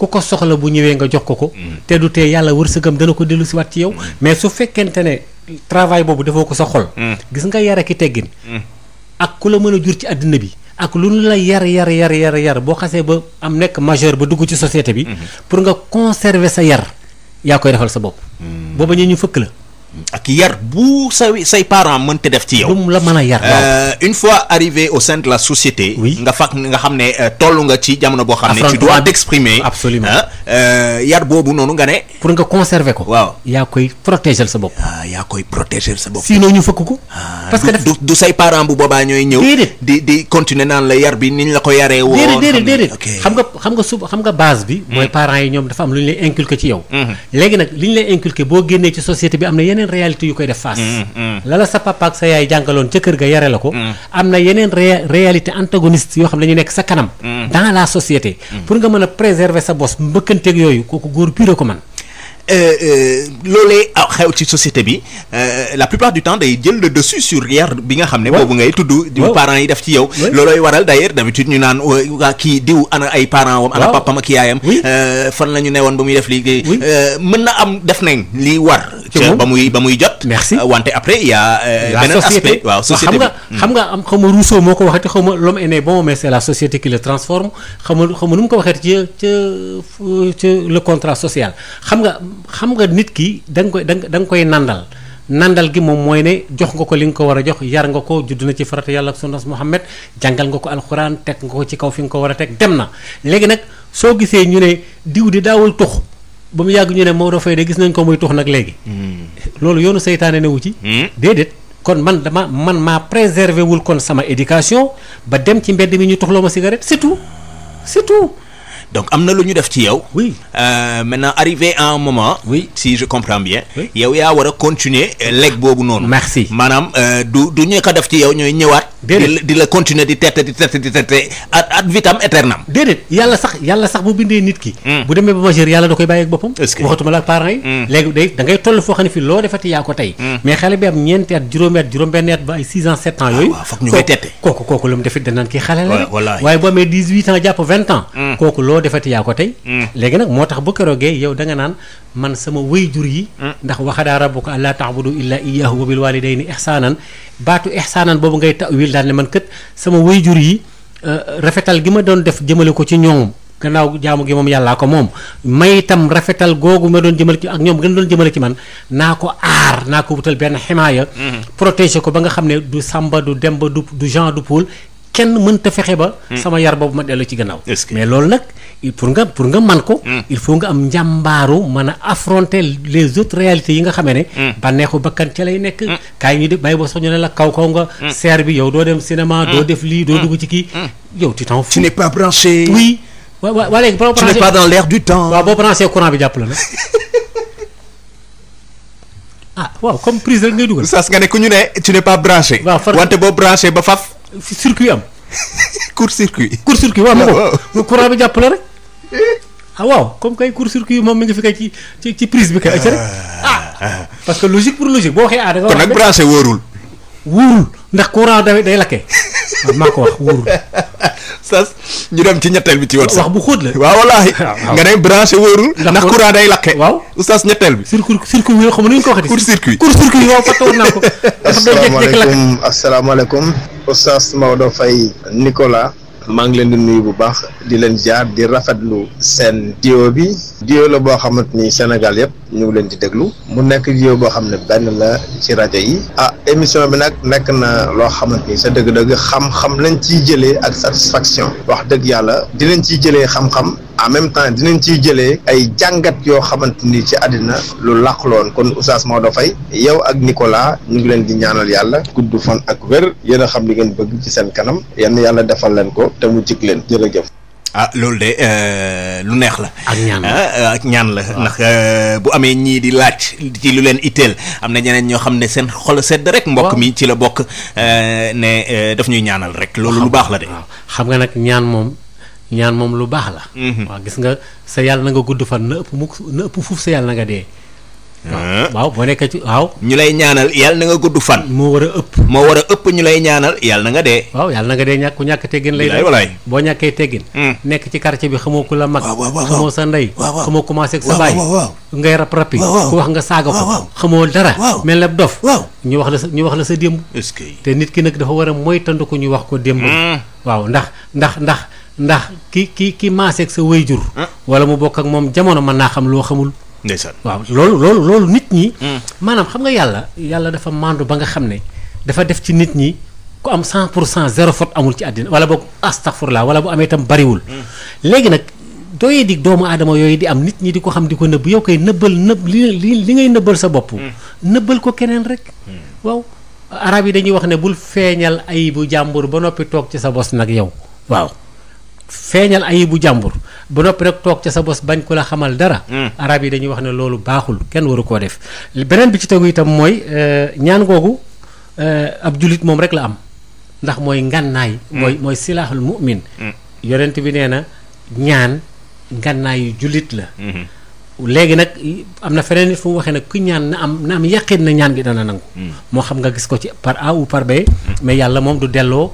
ku ko soxla bu ñëwee nga jox ko ko. Mm. te du tee yàlla wërsëgam dana ko dellu si waat ci yow. Mm. mais su fekkente ne travail boobu defoo ko sa xol. Mm. gis nga yar ak i teggin. ak ku la mën a jur ci àddina bi. ak lu ñu la yar yar yar yar yar boo xasee ba am nekk majeur ba dugg ci société bi. Mm-hmm. pour nga conserver sa yar yaa koy defal sa bopp. boo ñu fëkk la. ak yar bu sa say parents mënta def ci yow. lu mu la mën a yar euh, une fois arrivé au sein de la société. nga fàq nga xam ne euh, toll nga ci jamono boo. xam ne tu dois t'exprimer. absolument euh, yar boobu noonu nga ne. pour nga conserver ko. waaw yaa koy protéger sa bopp. ah yaa koy ñu fëkk ko. Ah, parce que du du say parents bu boobaa ñooy ñëw. déedéet di di continuer naan la yar bi niñ la ko yaree. woo déedéet déedéet xam nga xam nga su xam nga base bi. mooy hmm. parents yi ñoom dafa am lu ñu lay inculquer ci yow. Hmm. léegi nag li ñu lay inculquer boo génnee ci société bi am na yeneen réalité yu koy def face. lala hmm, sa papa ak sa yaay kër ga yare la ko. am na yeneen réalité antagoniste yoo xam ne ñu nekk sa kanam. dans la société. pour nga mën a préserver sa bos mbëkkanteeg yooyu kooku góor pire ko man Euh, euh, loolee ah, xew ci société bi euh, la plupart du temps day jël le dessus sur yar bi nga xam ne boobu ngay tudd di parents yi def ci yow loolooy waral day d'ailleurs d'habitude ñu naan waa kii diw ana ay parents wam ana papam ak yaayam fan la ñu newoon ba muy def lii mën na am def nañ li war ba muy ba muy jot merci wante après y a beneen aspect waaw société bi hmm. xam nga am xaw ma Rousseau moo ko waxati xaw ma l'homme est né bon mais c'est la société qui le transforme xaw ma xaw ma nu mu ko waxati ci ca ca le contrat social xam nga xam nga nit ki da koy da nga koy nandal nandal gi moom mooy ne jox nga ko li nga ko war a jox yar nga ko judd na ci farata yàlla ak sunnas Muhammad jàngal nga ko alxuraan teg nga ko ci kaw fi nga ko war a teg dem na léegi nag soo gisee ñu ne diw di daawul tux ba mu yàgg ñu ne moo Faye de gis nañ ko muy tux nag léegi hmm. loolu yoonu seytaane newu ci hmm. déedéet kon man dama man maa préserver wul kon sama éducation ba dem ci mbedd mi ñu tuxloo ma si c'est tout c'est donc am na lu ñu def ci yow. oui euh, maintenant arrivé à un moment. oui si je comprends bien. yow yaa war a continuer euh, leg boobu noonu. merci maanaam euh, du du ñu def ci yow ñooy ñëwaat. déedéet di la continuer di tette di tette di tette ad ad vitam aeternam. déedéet yàlla sax yàlla sax bu bindee nit ki. Hmm. bu demee ba majeur yàlla da koy bàyyi ak boppam. waxatuma la ak parents yi. Hmm. léegi day da ngay foo xam ne loo defati yaa ko tey. Hmm. mais xale bi am ñeenti at juróomi at juróom-benni at ba ay 6 ans 7 ans ah, yooyu. kooku kooku lu mu defit danaan ko tey. léegi nag moo tax bu keroogee yow naan man sama jur yi mm. ndax waxadaa rabbuka allaa taabudu illaa iyaahu wa bil walidayni ihsaanan baatu ihsaanan boobu ngay tawil daal ne man kët sama jur yi euh, rafetal gi ma doon def jëmale ko ci ñoom gannaaw jaamu gi moom yàllaa ko moom may itam rafetal googu ma doon jëmale ci ak ñoom gën doon jëmale ci man naa ko aar naa ko wutal benn ximaaya mm-hmm. protéger ko ba nga xam ne du sàmba du demba du du Jean du Paul kenn mënta fexe ba. Hmm. sama yar boobu ma dellu ci gannaaw. mais loolu nag pour nga pour nga man ko. Hmm. il faut nga am njàmbaaru mën a affronter les autres réalités yi nga xamee ne. Hmm. bànneexu bakkan ca lay nekk. kaay ñu di bay ba soñu ne la kaw kaw nga. seer bi yow doo dem cinéma. doo def lii doo dugg ci kii. yow tu t'en fous. tu n'es pas branché. oui wa wa waa léegi boo. branché tu n'es pas dans l'air du temps. waaw boo ah, comme prise rek ngay dugal. sas nga ne ku ñu ne tu n'es pas branché. ba faf. circuit court circuit. court circuit waaw moom courant bi jàppale rek. ah waaw comme kay court circuit moom mi ngi fi kay ci ci ci prise bi kay. Ah, ah. ah parce que logique pour logique boo waxee ah da nga. wax kon nag branché ndax courant day day lakkee ah, maa ko wax wóorul. sas ñu dem ci ñetteel bi ci woon. sax wax bu xóot la. waaw wallaahi. Ah, nga dem branché wóorul. ndax courant day lakkee. waaw oustaz ñetteel bi. circuit circuit bi xam nga nu ñu ko waxee. court circuit court circuit waaw fàtte woon naa ko. asalaamaaleykum asalaamaaleykum. oustaz Maodo Faye Nicolas. maa ngi leen di nuyu bu baax di leen jaar di rafetlu seen dio bi dio la boo xamante ni Sénégal yëpp ñu ngi leen di déglu mu nekk dio boo xam ne benn la ci rajo yi ah émission bi nag nekk na loo xamante ni sa dëgg-dëgg xam-xam lañ ciy jëlee ak satisfaction wax dëgg yàlla di dinañ ciy jëlee xam-xam en même temps dinañ ciy jëlee ay jàngat yoo xamante ni ci àddina lu làqloon kon Oustaz Maodo Faye yow ak Nicolas ñu ngi leen di ñaanal yàlla gudd fan ak wér yéen xam ni ngeen bëgg ci seen kanam yenn yàlla defal leen ko te mu jig leen jëf ah loolu de euh, lu neex la. ak ñaan la ah, ak ñaan la ndax euh, bu amee ñii di laaj ci lu leen itteel am na ñeneen ñoo xam ne seen xol sedd rek. mbokk mi ci la bokk. Euh, ne daf ñuy ñaanal rek. loolu lu baax la de. xam nga nag ñaan moom. ñaan moom lu baax la. Mhm. waaw gis nga sa yàlla na nga gudd fan na ëpp mu na ëpp fuuf sa yàlla na nga dee. Ah. waaw boo nekkee ci waaw. ñu lay ñaanal yàlla na nga gudd fan. moo war moo war a ëpp ñu lay ñaanal yàlla nga dee. waaw yàlla na nga dee ñàkk ku ñàkk teggin lay. walaay boo ñàkkee teggin. Mm. nekk ci quartier bi xamoo ku la mag. xamoo sa ndey. xamoo commencé ak sa baay. ngay rap rapi. ku wax nga saaga ko. xamoo dara. mel na dof. ñu wax la sa ñu wax la sa démb. est te nit ki nag dafa war a moytandu ko ñu wax ko démb. Mm. waaw ndax ndax ndax. ndax ki ki ki maaseeg sa wayjur ah. wala mu bokk ak moom jamono man naa xam loo xamul ndeysaan waaw loolu loolu loolu nit ñi hmm. maanaam xam nga yàlla yàlla dafa màndu ba nga xam ne dafa def ci nit ñi ku am 100 pour cent zéro faute amul ci àddina wala boog astafurla wala bu amee tam bariwul hmm. léegi nag dooyee di doomu aadama yooyu di am nit ñi di ko xam di ko nëbb yow koy nëbbal nëbb li li ngay nëbbal sa bopp hmm. nëbbal ko keneen rek waaw arab yi dañuy wax ne bul feeñal ayibu jàmbur ba noppi toog ci sa bos nag yow feeñal ayibu jàmbur ba noppi nag toog ca sa bos bañ ko la xamal dara. Hmm. arab yi dañuy wax ne loolu baaxul kenn waru koo def. beneen bi ci tegu itam mooy euh, ñaan googu euh, ab jullit moom rek la am ndax mooy ngànnaay. Hmm. mooy mooy silaaxul mu'min. Hmm. yonent bi nee na ñaan ngànnaayu jullit la. léegi nag am na feneen fu mu waxee nag ku ñaan na am na am yaqin na ñaan gi dana nangu. moo xam nga gis ko ci par A par B. mais yàlla moom du delloo.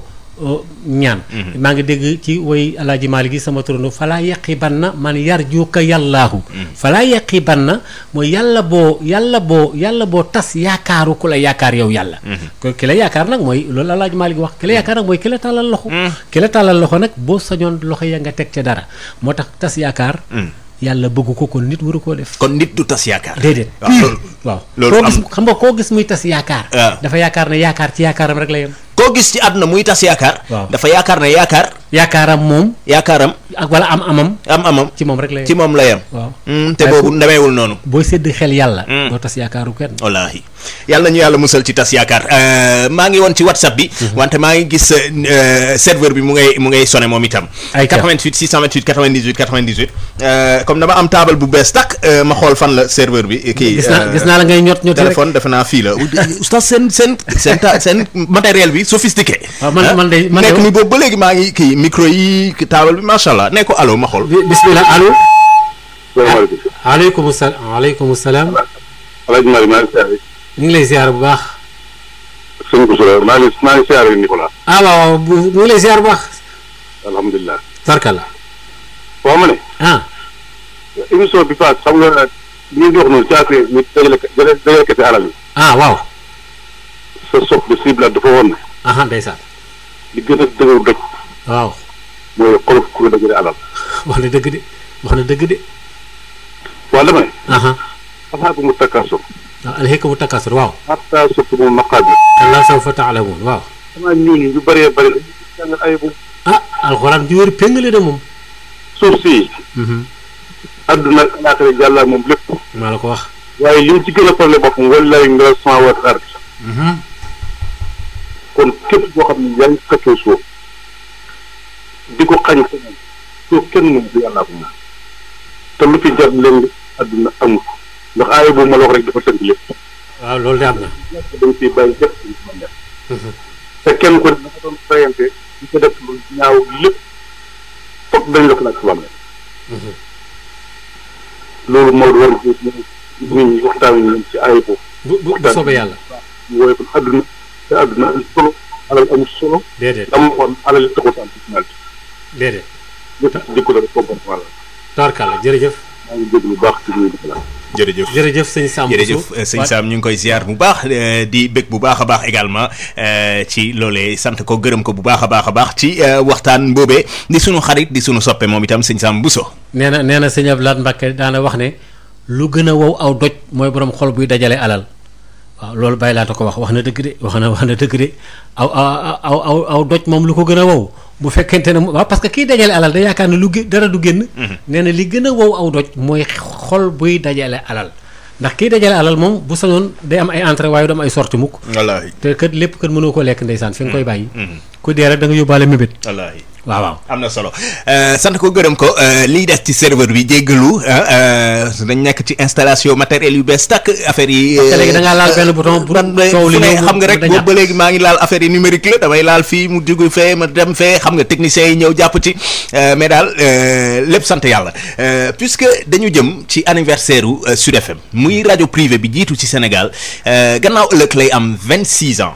ñaan maa ngi dégg ci woy alaaji Maalik gi sama turando falaa yeqi banna man yar juuka yàllaahu falaa ban na mooy yàlla boo yàlla boo yàlla boo tas yaakaaru ku la yaakaar yow yàlla ko ki la yaakaar nag mooy loolu alaaji Maalik wax ki la yaakaar mooy ki la tàllal loxo ki la tàllal loxo nag boo sañoon loxo ya nga teg ca dara moo tax tas yaakaar yàlla bëgg ko kon nit waru koo def. kon nit du tas yaakaar. déedéet waaw loolu waaw koo gis xam nga koo gis muy tas yaakaar. Ah. dafa yaakaar ne yaakaar ci yaakaaram rek la yem. koo gis ci àdduna muy tas yaakaar. dafa yaakaar ne yaakaar. yaakaaram moom. yaakaaram. ak wala am amam. am amam ci moom la yem ci la yem. waaw mm, te boobu demeewul noonu. booy sédd xel yàlla. Mm. doo tas yaakaar euh, maa ngi woon ci whatsapp bi. Mhm. wante maa ngi gis euh, serveur bi mu ngay mu moom itam. Euh, comme dama am taabal bu bees tak ma xool fan la serveur bi. kii gis naa gis naa la ngay ñot ñot téléphone defe naa fii la. oustaz seen seen seen matériel bi. sophistiqué. waaw ah, man nekk mi boobu léegi maa ngi kii micro yi taabal bi macha allah ne ko allo ma xool. bisimilah allo. salaamaaleykum. waaleykum salaam waaleykum salaam. Alaaji Malick maa ngi ziar. ñu ngi lay ziar bu baax. sëñ Kousara ah, alhamdulilah. tarkala. waaw ma ne. ah. émission bi paas xam aha ndeysaan li gën a dëgër doj waaw mooy xolof ku dajale alal wax na dëgg de wax na dëgg de ah, waaw dama ne aha alhaakumu takaasur alhaakumu takaasur waaw hatta waaw alxuraan ju wér péngale de moom suuf si mhm. adduna ak alaakare moom lépp maa la ko wax waaye li mu ci gën a problème boppam wallaahi mbiral sama wat ard kon képp koo xam ne yaa ngi xëccoo suuf di ko xañ keneen kenn moom du yàllaa ko moom te lu fi jar leen àdduna amul ndax aaya ma rek dafa tënk lépp. waaw loolu de mhm. kenn ko lu ñaaw lépp foog dañ la ko laaj sabab la. war na ko mhm. waxtaan ci aaya bu bu soobee yàlla. waaw ñu woowee te àdduna la jërëjëf. jërëjëf jërëjëf sëñ Sam jërëjëf sëñ Sam ñu ngi koy ziar bu baax euh, di bég bu baax a baax également euh, ci loolee sant ko gërëm ko bu baax a baax a baax ci euh, waxtaan boobee di sunu xarit di sunu soppe moom itam sëñ Sam Bousso. nee na nee na sëñ Abdoulaye Mbacke daana wax ne lu gën a wow aw doj mooy borom xol buy dajale alal. waaw loolu bàyyi laata ko wax wax na dëgg de wax na wax na dëgg de aw aw doj moom lu ko gën a wow bu fekkente ne waaw parce que kii dajale alal da yaakaar ne lu gé dara du génn. Mhm. nee na li gën a wow aw doj mooy xol buy dajale alal ndax kii dajale alal moom bu sañoon day am ay entrée waaye du am ay sorti mukk. wallaahi te kët lépp kët mënoo ko lekk ndeysaan fi nga koy mhm. bàyyi. Mhm. ku dee rek da nga yóbbaale mébét. wallaahi waaw waaw am na solo eh, sant ko gërëm ko eh, liy des ci serveur bi jéggalu ah, eh, dañ nekk ci installation matériel yu bees tàkk affaire yi. léegi da ngaa laal benn bouton pour coow li xam nga rek boobu ba léegi maa ngi laal affaire yi numérique la damay laal fii mu dugg fee ma dem fee xam nga techniciens yi ñëw jàpp ci mais daal lépp sant yàlla puisque dañu jëm ci anniversaire u Sud FM muy rajo privé bi jiitu ci Sénégal gannaaw ëllëg lay am 26 ans.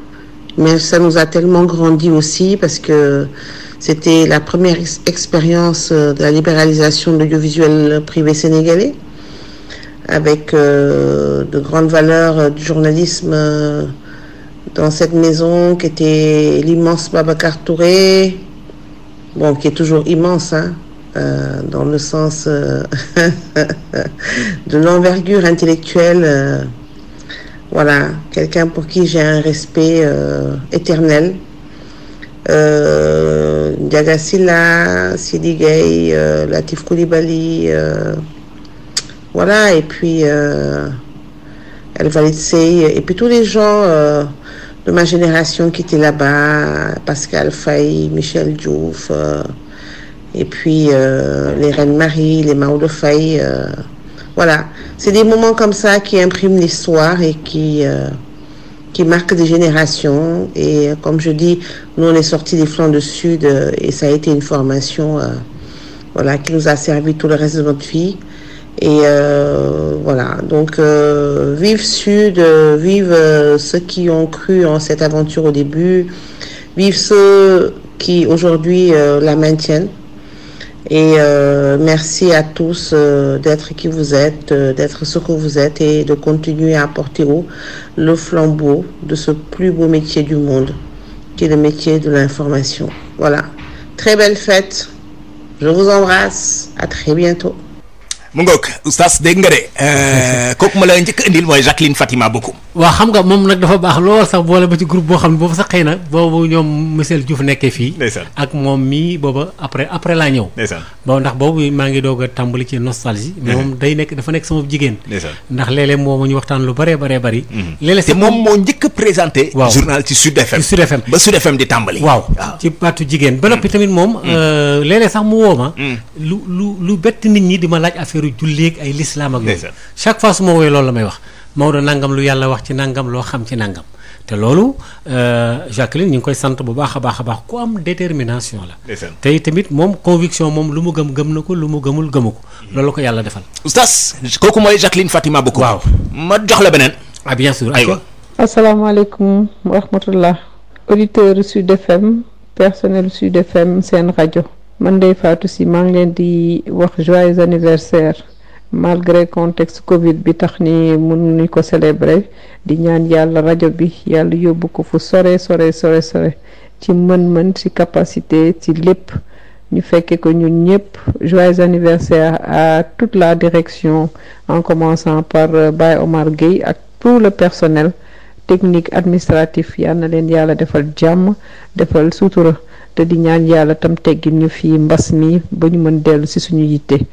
mais ça nous a tellement grandi aussi parce que c'était la première ex expérience euh, de la libéralisation de l'audiovisuel privé sénégalais avec euh, de grandes valeurs euh, du journalisme euh, dans cette maison qui était l'immense Babacar Touré, bon, qui est toujours immense, hein, euh, dans le sens euh, de l'envergure intellectuelle Voilà, quelqu'un pour qui j'ai un respect euh, éternel. Euh, Ndiaga Sylla, Sidi Gueye, euh, Latif Koulibaly, euh, voilà, et puis euh, El Walid Sey, et puis tous les gens euh, de ma génération qui étaient là-bas, Pascal Faye, Michel Diouf, et puis les Reines Marie, les Maodo Faye. Voilà, c'est des moments comme ça qui impriment l'histoire et qui, euh, qui marquent des générations. Et euh, comme je dis, nous, on est sortis des flancs du Sud euh, et ça a été une formation euh, voilà, qui nous a servi tout le reste de notre vie. Et euh, voilà, donc euh, vive Sud, vive ceux qui ont cru en cette aventure au début, vive ceux qui aujourd'hui la maintiennent. Et euh, merci à tous euh, d'être qui vous êtes, euh, d'être ce que vous êtes et de continuer à porter haut le flambeau de ce plus beau métier du monde, qui est le métier de l'information. Voilà. Très belle fête. Je vous embrasse. À très bientôt. mu ngoog oustaz dégg nga de euh, kooku ma la njëkk indil mooy Jacqueline Fatima Bokoum waaw xam nga moom nag dafa baax lool sax boole ba ci groupe boo xam ne boobu sax xëy na boobu ñoom monsieur Diouf nekkee fii. ak moom mii booba après après laa ñëw. bo ndax boobu maa ngi doog a tàmbali ci nostalgie. Eh. moom day nekk dafa nekk sama jigéen. ndax léeg-léeg moom ñu waxtaan lu bare bëree bari mhm. léeg-léeg te moom moo njëkk a présenté. waaw journal ci su FM. ci Sud FM ba Sud FM di tàmbali. waaw ci baatu jigéen. ba noppi mm. tamit moom. Mm. Euh, léeg-léeg sax mu woo ma. Mm. lu lu lu bett nit ñi di ma laaj affaire julli ak ay lislaam ak yooyu. chaque fois ma woowee loolu la may wax Maodo nangam lu yàlla wax ci nangam loo xam ci nangam te loolu euh, Jacqueline ñu ngi koy sant bu baax a baax a baax ku am détermination la. tey tamit moom conviction moom lu mu gëm gëm na ko lu mu gëmul gëmu ko. Mm-hmm. loolu ko yàlla defal. oustaz kooku mooy Jacqueline Fatima ko waaw ma jox la beneen. ay ah, bien sûr aywa. asalaamaaleykum wa rahmatullah auditeur Sud FM personnel Sud FM seen rajo man Ndeye Fatou si maa ngi leen di wax joyeux anniversaire. malgré contexte Covid bi tax ni mënuñu ko célébrer di ñaan yàlla rajo bi yàlla yóbbu ko fu sore sore sore sore ci mën-mën ci capacité ci lépp ñu fekkee ko ñu ñëpp joyeux anniversaire à toute la direction en commençant par euh, Baye Omar Gueye ak pour le personnel technique administratif yal na leen yàlla defal jàmm defal sutura te di ñaan yàlla tam teggin ñu fii mbas mi ba ñu mën dellu ci suñu yitte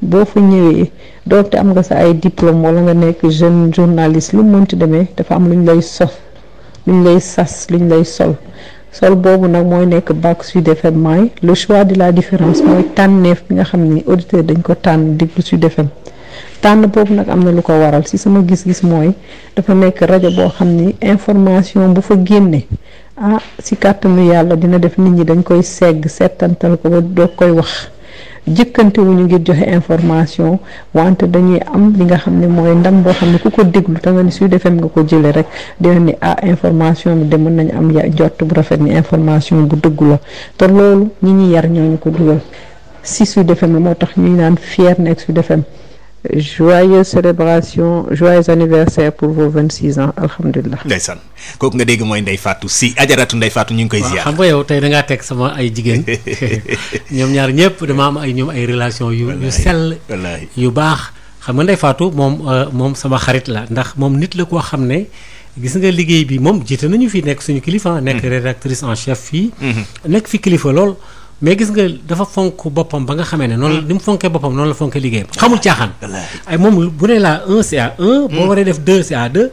boo fa ñëwee doonte am nga sa ay diplôme wala nga nekk jeune journaliste lu mënti demee dafa am lu ñu lay sos lu lay sas lu lay sol sol boobu nag mooy nekk bac Sud FM maay le choix de la différence mooy tànneef bi nga xam ni auditeur dañ ko tànn déglu Sud FM tànn boobu nag am na lu ko waral ci sama gis-gis mooy dafa nekk rajo boo xam ni information bu fa génne ah ci kàttanu yàlla dina def nit ñi dañ koy segg seetantal ko ba doo koy wax jëkkante wuñu ngir joxe information wante dañuy am li nga xam ne mooy ndam boo xam ne ku ko déglu te nga ni Sud FM nga ko jëlee rek dina ni ah information bi de mën nañu am ya jot bu rafet ni information bu dëggu la te loolu ñi ñi yar ñooñu ko dugal si Sud defee la moo tax ñuy naan fier nekk su FM joyeuse célébration joyeux anniversaire pour vos 26 ans alhamdulilah. ndeysaan kooku nga dégg mooy Ndeye Fatou si ajaratu Ndeye Fatou ñu ngi koy. si xam nga tey da ngaa teg sama ay jigéen ñoom ñaar ñëpp dama am ay ñoom ay relation yu yu sell. yu baax xam nga Ndeye Fatou moom euh, moom sama xarit la ndax moom nit la ko xam ne. gis nga liggéey bi moom jiite nañu fi nekk suñu kilifa. nekk mm-hmm. rédactrice en chef fii. Mm-hmm. nekk fi kilifa lool. mais gis nga dafa fonk boppam ba nga xamee ne noonu mm. ni mu fonkee boppam noonu la fonkee liggéeyam xamul caaxaan ay moom bu ne laa un c'est à un boo mm. waree def deux c'est à deux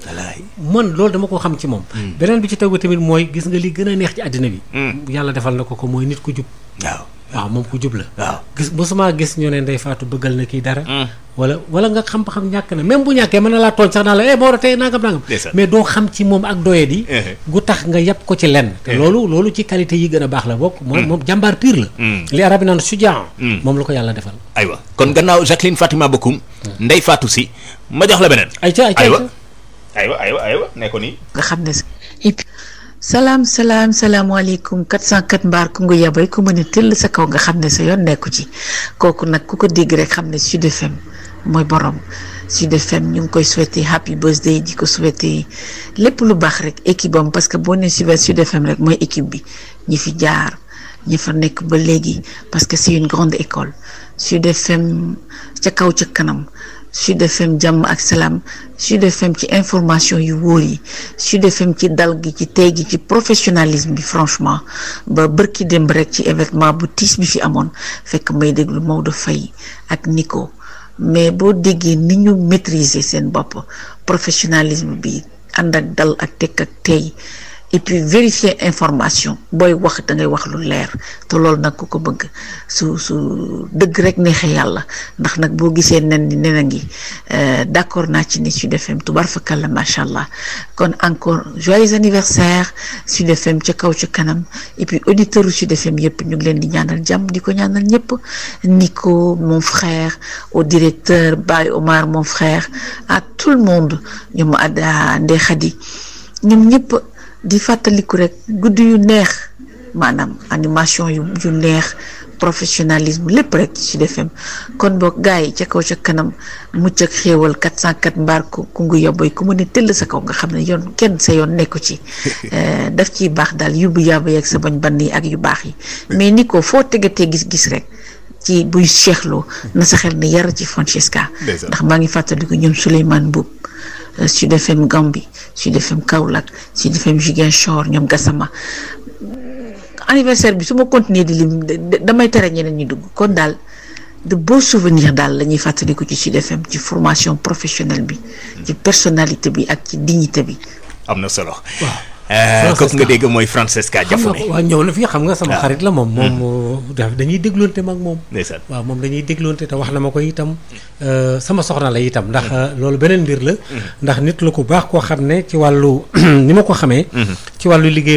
man loolu dama ko xam ci moom mm. beneen bi ci tegu tamit mooy gis nga li gën a neex ci àddina bi yàlla defal na ko ko mooy nit ko jub waaw moom ku jub la. waaw gis mosuma gis ñu ne Ndeye Fatou bëggal na kii dara. Mm. wala wala nga xam-xam ñàkk na même bu ñàkkee man na laa tooñ sax naa la eh Maodo tey nangam nangam. xam ci moom ak doyad yi. Eh. gu tax nga yàpp ko ci lenn. te eh. loolu loolu ci qualité yi gën a baax la bokk. moom mm. moom jàmbaar pire la. Mm. li arab yi moom la ko yàlla defal. aywa kon gannaaw Jacqueline Fatima Bokoum. Ndeye Fatou si ma jox la beneen. ayca ayca aywa aywa aywa aywa ne ko nii. nga xam ne et salaam salaam salaamaaleykum 404 mbaar ku ngu yabay ku mën a tëll sa kaw nga xam ne sa yoon nekku ci kooku nag ku ko dégg rek xam ne Sud fem mooy borom Sud fem ñu ngi koy souhaité happy birthday ji ko souhaité lépp lu baax rek équipe am parce que boo nee Sud FM rek mooy équipe bi ñi fi jaar ñi fa nekk ba léegi parce que c'est une grande école Sud FM ca kaw ca kanam. Sud FM jàmm ak salaam Sud FM ci information yu wóor yi su FM ci dal gi ci tey gi ci professionnalisme bi franchement ba bër ki démb rek ci événement bu tiis bi fi amoon fekk may déglu Maodo Faye ak Nico mais boo déggee ni ñu maîtriser seen bopp professionnalisme bi ànd ak dal ak tekk ak tey et puis vérifier information booy wax da ngay wax lu leer te loolu nag ku ko bëgg su su dëgg rek neexee yàlla ndax nag boo gisee nen ni a ngi euh, d'accord naa ci ni Sud FM tubar fakal la macha allah kon encore joyeux anniversaire Sud FM ca kaw ca kanam et puis auditeurs yu Sud FM yëpp ñu ngi leen di ñaanal jàmm di ko ñaanal ñëpp Nico mon frère au directeur Baye Omar mon frère à tout le monde ñoom Adda Ndeye Khady ñoom ñëpp. di fàttaliku rek guddi yu neex maanaam animation yu yu neex professionnalisme lépp rek ci Sud FM kon boog gars yi ca kaw ca kanam mucc ak xéewal 404 mbaar ku ngu yobboy ku mu ne tëll sa kaw nga xam ne yoon kenn sa yoon nekku ci eh, daf ciy baax daal yu bu yàbb yeeg sa bañ ban yi ak yu baax yi mais ni ko foo tegatee gis-gis rek ci buy seexloo na sa xel ne yar ci Francesca ndax maa ngi fàttaliku ñoom Souleymane Boub Euh, Sud FM Gambie Sud FM Kaolack Sud FM Ziguinchor ñoom Gassama anniversaire bi su ma continuer di lim damay tere ñeneen ñi dugg kon daal de beaux souvenirs daal la ñuy fàttaliku ci Sud FM ci formation professionnelle bi. ci personnalité bi ak ci dignité bi. am na solo Euh, kooku nga dégg mooy Francesca Diafone waaw ñëw na fi xam nga sama ah. xarit la moom hmm. moom euh, daf dañuy dégloonte mag moom waaw moom dañuy dégloonte te ma ko itam euh, sama soxna la itam ndax hmm. loolu beneen hmm.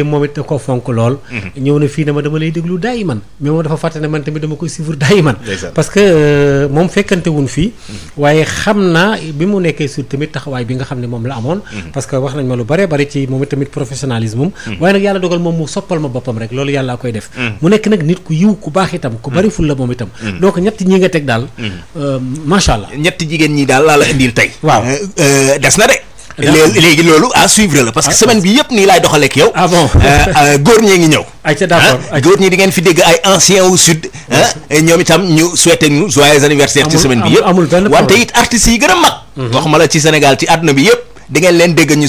moom da ko fonk lool ñëw na fii ne ma dama lay déglu daay man mais moom dafa fàtte ne man tamit dama koy suivre daay man parce que moom fekkante wun fii waaye xam naa bi mu nekkee sur tamit taxawaay bi nga xam ne moom la amoon parce que wax nañ ma lu bare bare ci moom tamit professeur nationalisme am hmm. waaye nag yàlla dogal moom mu soppal ma boppam rek loolu yàllaa koy def hmm. mu nekk nag nit ku yiw ku baax itam ku bari hmm. ful la moom itam donc ñi nga teg daal euh, macha allah ñetti jigéen ñi daal laa la indil tey euh, euh, des na de léegi loolu a suivre la parce que ah, semaine bi yëpp nii laay doxalee ak yow. ah bon góor ñee ngi ñëw. ayca d'accord ah, góor ñi di fi dégg ay ancien au sud. Ah, ñoom itam ñu souhaité ñu joyeux anniversaire. ci semaine bi yëpp wante it artistes yi gën a mag. Mhm. waxuma bi yëpp di ngeen leen dégg ñu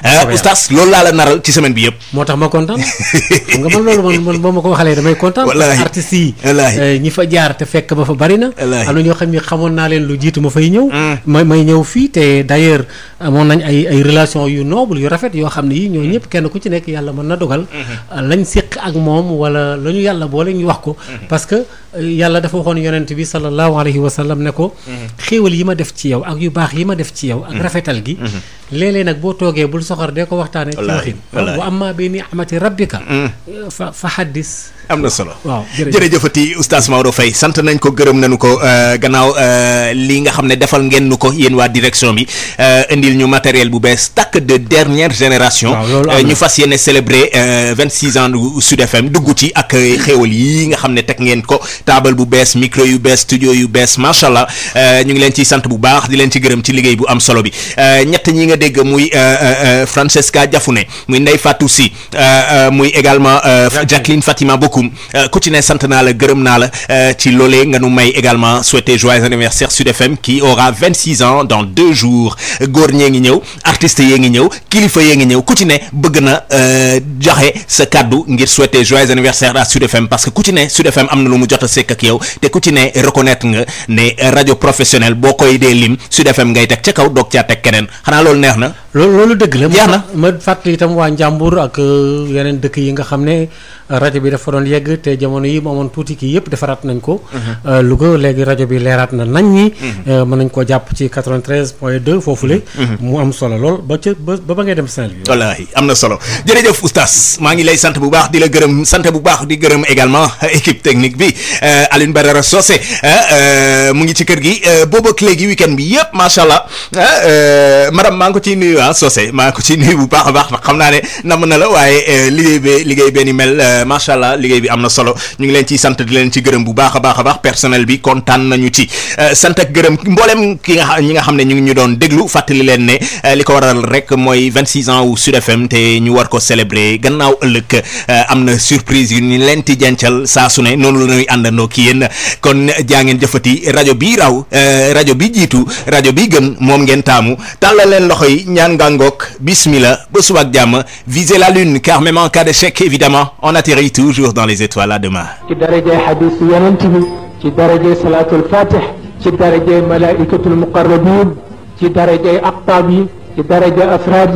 Ah, oustaz loolu laa la naral ci semaine ma kontaan xam nga man loolu man man boo ko waxalee damay kontaan eh, fa jaar te fekk ma fa bari na am na ñoo xam ne xamoon naa leen lu jiitu ma fay ñëw mm. may may ñëw fii te d'ailleurs amoon nañ ay ay relation yu noble yu rafet yoo xam ne yi ñoo mm. ñëpp kenn ku ci nekk yàlla mën na dogal mm-hmm. ah, lañ séq ak moom wala la ñu yàlla boole ñu wax ko mm-hmm. parce que eh, yàlla dafa waxoon yonent bi sallallahu alayhi wa sallam ne ko mm-hmm. xéewal yi ma def ci yow ak yu baax yi ma def ci yow ak rafetal gi léeg nag boo toogee bul soxor dee ko waxtaane ci waxin wa amma bi ni amati rabbika mm. fa fa xaddis am na solo waaw jërëjëfati oustaz Maodo Faye sant nañ ko gërëm nañu ko euh, gannaaw euh, li nga xam ne defal ngeen nu ko yéen waa direction bi euh, indil ñu matériel bu bees takk de dernière génération ñu fas yéene célébrer vingt six ans Sud FM dugg ci ak xéewal yi nga xam ne teg ngeen ko taabal bu bees micro yu bees studio yu bees macha allah ñu ngi leen ciy sant bu baax di leen ci gërëm ci liggéey bu am solo bi ñett ñi nga dégg muy Francesca Diafouné muy Ndeye Fatou Sy muy également aleykum euh, ku sant naa la gërëm naa la euh, ci loolee nga nu may également souhaiter joyeux anniversaire Sud FM qui aura 26 ans dans deux jours góor ñee ngi ñëw artiste yee ngi ñëw kilifa yee ngi ñëw ku ci ne bëgg na euh, joxe sa kàddu ngir souhaiter joyeux anniversaire à Sud FM parce que ku ci ne Sud FM am na lu mu jot a sekk ak yow te ku ci ne reconnaître nga ne rajo professionnel boo koy dee lim Sud FM ngay teg ca kaw doog caa teg keneen xanaa loolu neex loolu loolu dëgg la. jeex na ma fàttali itam waa Njàmbur ak euh, yeneen dëkk yi nga xam ne rajo bi dafa doon yegg te jamono yi mu amoon tuuti kii yëpp defaraat nañ ko. Mhm. Euh, Louga léegi rajo bi leeraat na nañ ñi. Mhm. Euh, mën nañ koo jàpp ci 93 point 2 foofule. Mhm. mu am solo lool ba ca ba ba ngay dem Saint-Louis. wallaahi am na solo jërëjëf oustaz maa ngi lay sant bu baax di la gërëm sant bu baax di gërëm également équipe technique bi Alioune Badara Socé mu ngi ci kër gi boobu ak léegi week bi yëpp macha allah madame maa ngi ko ciy ah Socé maa ko ci nuyu bu baax a baax xam naa ne nam na la waaye euh, liggéey bi mel euh, macha allah liggéey bi am na solo ñu ngi leen ciy sant di leen ci gërëm bu baax a baax a baax personnel bi kontaan nañu ci euh, sant ak gërëm mboolem ki nga ñi nga xam ne ñu ngi ñu doon déglu fàttali leen ne li ko waral rek mooy 26 ans wu Sud te ñu war ko célébrer gannaaw ëllëg am na surprise yu ñu leen ti jàncal saa su ne noonu la ñuy àndandoo ki yéen kon jaa ngeen jëfati rajo bi raw rajo waxtaan ngangook bismillah ba suba ak jàmm viser la lune car même en cas d'échec évidemment on atterrit toujours dans les étoiles à demain ci darajay hadis yonent bi ci darajay salaatul fatih ci darajay malaikatul muqarrabin ci darajay aqtaab ci darajay afraad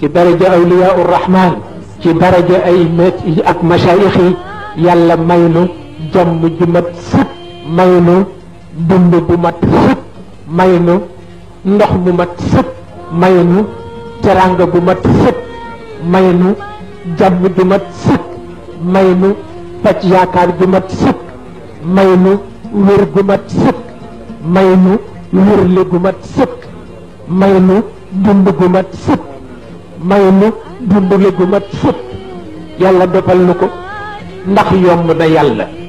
ci darajay awliyaau rahman ci darajay ay ak machaayix yi yàlla may mat sëkk may nu teranga bu mat sëkk may nu jàmm ju mat sëkk may nu paj yaakaar ju mat sëkk may nu wér gu mat sëkk may nu wérle gu mat sëkk may nu dund gu mat sëkk may nu dundle gu mat sëkk yàlla defal nu ko ndax yomb na yàlla